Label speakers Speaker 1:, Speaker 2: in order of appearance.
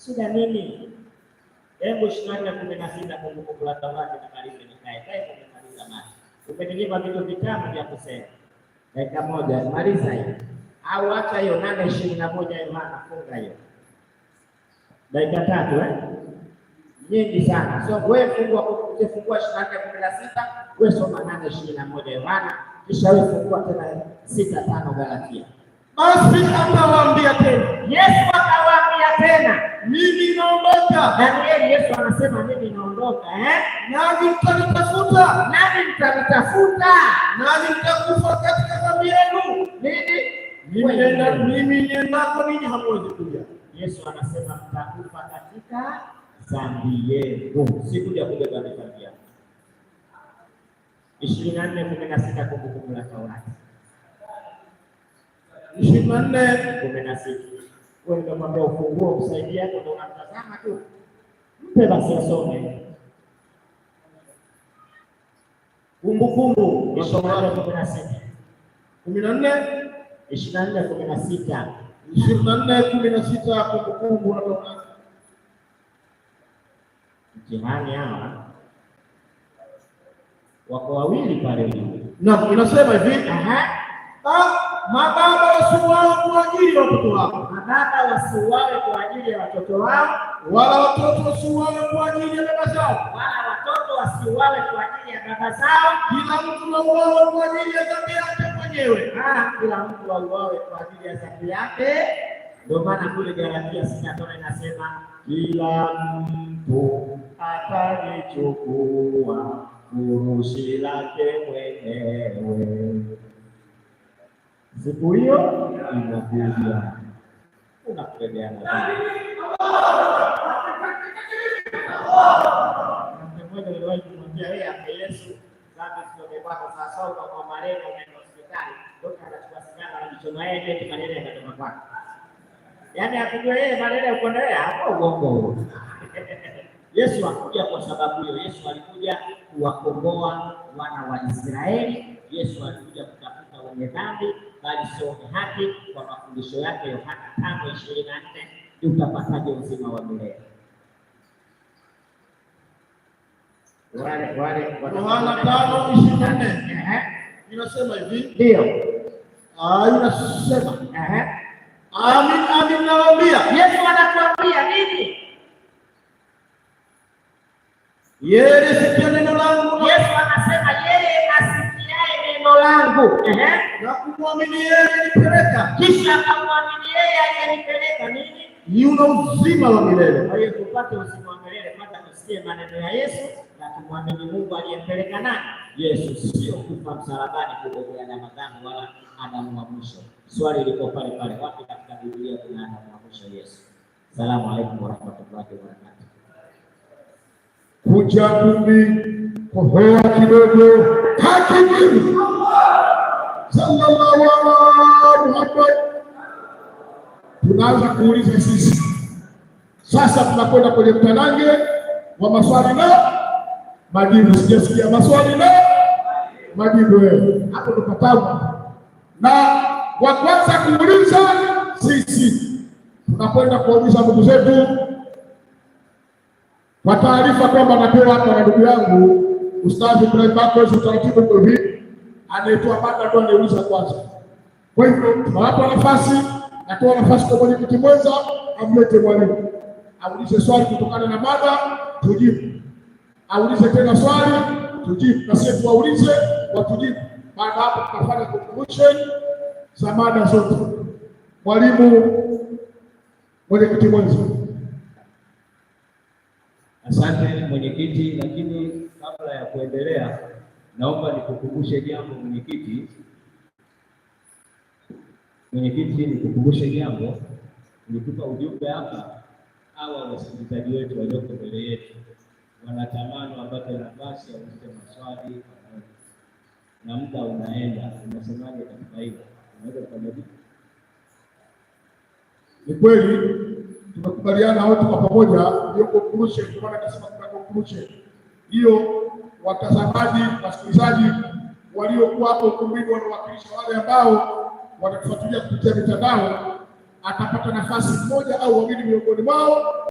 Speaker 1: Shida nini? Hebu 24:16 Mungu kukulata na karibu nikae kae kumaliza maji. Umeninyima vitu vitamu vya kusema. Dakika moja maliza hiyo. Au hata hiyo 8:21 Yohana funga hiyo. Dakika tatu eh? Nyingi sana. So wewe fungua kufungua 24:16, wewe soma 8:21 Yohana, kisha wewe fungua tena 6:5 Galatia. Basi atawaambia tena. Yesu Angalia Yesu anasema mimi naondoka, eh? nami mtanitafuta, nami mtanitafuta, nami mtakufa katika dhambi yenu. Mimi niendako ninyi hamwezi kuja. Yesu anasema mtakufa katika dhambi yenu, sikuja kubeba dhambi yako. ishirini na nne kumi na sita Kumbukumbu la Torati ishirini na nne kumi na sita Wewe ndio mwambia ufunguo msaidia, ndio unamtazama tu Mpe basi asome Kumbukumbu ishirini na kumi na sita nne ishirini na nne kumi na sita ishirini na nne kumi na sita Kumbukumbu mtihani hawa wako wawili pale na naam, inasema hivi Mababa wasiuawe kwa ajili ya watoto wao, mababa wasiuawe kwa ajili ya watoto wao, wala watoto wasiuawe kwa ajili ya baba zao, wala watoto wasiuawe kwa ajili ya baba zao. Kila mtu auawe kwa ajili ya dhambi yake mwenyewe, ah, kila mtu auawe kwa ajili ya dhambi yake. Ndio maana kule Galatia sita tano inasema kila mtu atalichukua furushi lake mwenyewe siku hiyo inakuja unakubeleana mmoja Yesu dhambi yaani akijua yeye malaria uko hapo uongo Yesu hakuja kwa sababu hiyo Yesu alikuja kuwakomboa wana wa Israeli Yesu alikuja kuta wenye dhambi, bali msome haki kwa mafundisho yake, Yohana tano ishirini na nne utapataje uzima wa milele? Yohana tano ishirini na nne inasema hivi, ndio ah, inasema amin, amin nawaambia, Yesu anatuambia nini? Yeye sikia neno langu, Yesu anasema yeye neno langu na kumwamini yeye alinipeleka, kisha akamwamini yeye aliyenipeleka nini? Ni uzima wa milele. Kwa hiyo tupate uzima wa milele, kwanza tusikie maneno ya Yesu na tumwamini Mungu aliyempeleka nani? Yesu, sio kufa msalabani kubebea alama zangu wala Adamu wa mwisho. Swali liko pale pale, wapi katika Biblia kuna Adamu wa mwisho Yesu? Salamu alaikum warahmatullahi wabarakatuh. kuja kumi kuhoa kidogo haki nyingi. Sallallahu Muhammad. Tunaanza kuuliza sisi sasa, tunakwenda kwenye mtanange wa maswali na majibu. Sijasikia maswali na majibu, wewe hapo tukatabu na wa kwanza kuuliza sisi, tunakwenda kuuliza ndugu zetu kwa taarifa kwamba napewa hapa na ndugu yangu Ustadhi Ibrahim Bakos, utaratibu kwa hivi, anaitoa mada tu anauliza kwanza. Kwa hivyo tunawapa nafasi, natoa nafasi kwa mwenyekiti mwenza amlete mwalimu aulize swali kutokana na mada, tujibu, aulize tena swali, tujibu, na sisi tuwaulize watujibu. Baada hapo tutafanya conclusion za mada zote. Mwalimu, mwenyekiti mwenza. Asante mwenyekiti, lakini kabla ya kuendelea, naomba nikukumbushe jambo mwenyekiti. Mwenyekiti, nikukumbushe jambo, nilitupa ujumbe hapa. Hawa wasikilizaji wetu walioko mbele yetu wanatamani wapate nafasi ya kuuliza maswali na muda unaenda. Unasemaje katika hilo? Unaweza vipi? Ni kweli tumekubaliana wote kwa pamoja, ndio kukurushe, kwa maana nasema tunakukumbushe hiyo watazamaji, wasikilizaji waliokuwa hapo ukumbini wanawakilisha wale ambao wanafuatilia kupitia mitandao, atapata nafasi moja au wawili miongoni mwao.